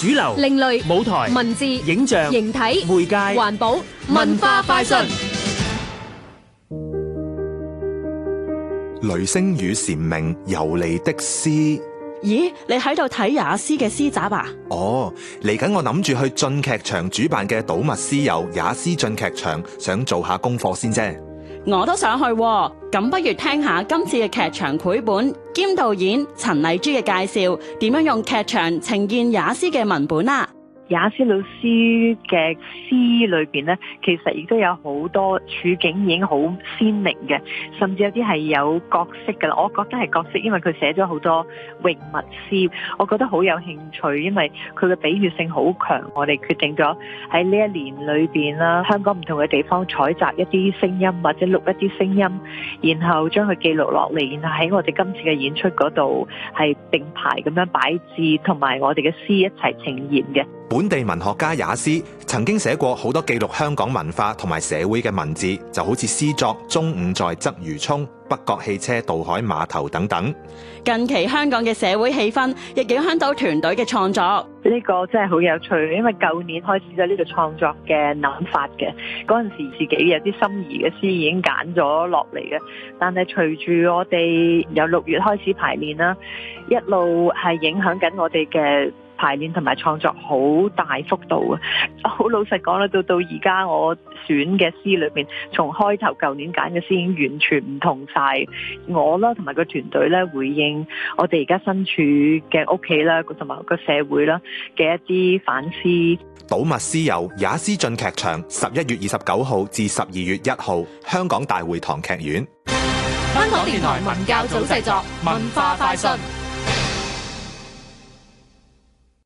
主流、另類舞台、文字、影像、形體、媒介、環保、文化快訊。雷聲與蟬鳴，游離的詩。咦，你喺度睇雅思嘅詩集吧？哦，嚟緊我諗住去進劇場主辦嘅《賭物詩友》雅思進劇場，想做下功課先啫。我都想去，咁不如聽下今次嘅劇場繪本。兼導演陳麗珠嘅介紹，點樣用劇場呈現雅思嘅文本啊。雅思老師嘅詩裏邊咧，其實亦都有好多處境已經好鮮明嘅，甚至有啲係有角色噶啦。我覺得係角色，因為佢寫咗好多詠物詩，我覺得好有興趣，因為佢嘅比喻性好強。我哋決定咗喺呢一年裏邊啦，香港唔同嘅地方採集一啲聲音或者錄一啲聲音，然後將佢記錄落嚟，然後喺我哋今次嘅演出嗰度係並排咁樣擺置，同埋我哋嘅詩一齊呈現嘅。本地文學家也斯曾經寫過好多記錄香港文化同埋社會嘅文字，就好似詩作《中午在鰂魚涌》，《北角汽車渡海碼頭》等等。近期香港嘅社會氣氛亦影響到團隊嘅創作，呢個真係好有趣。因為舊年開始就呢個創作嘅諗法嘅，嗰陣時自己有啲心儀嘅詩已經揀咗落嚟嘅，但係隨住我哋由六月開始排練啦，一路係影響緊我哋嘅。排練同埋創作好大幅度啊！好老實講啦，到到而家我選嘅詩裏面，從開頭舊年揀嘅詩已經完全唔同晒我啦，同埋個團隊咧回應我哋而家身處嘅屋企啦，同埋個社會啦嘅一啲反思。睹物思友，也斯進劇場，十一月二十九號至十二月一號，香港大會堂劇院。香港電台文教組製作，文化大訊。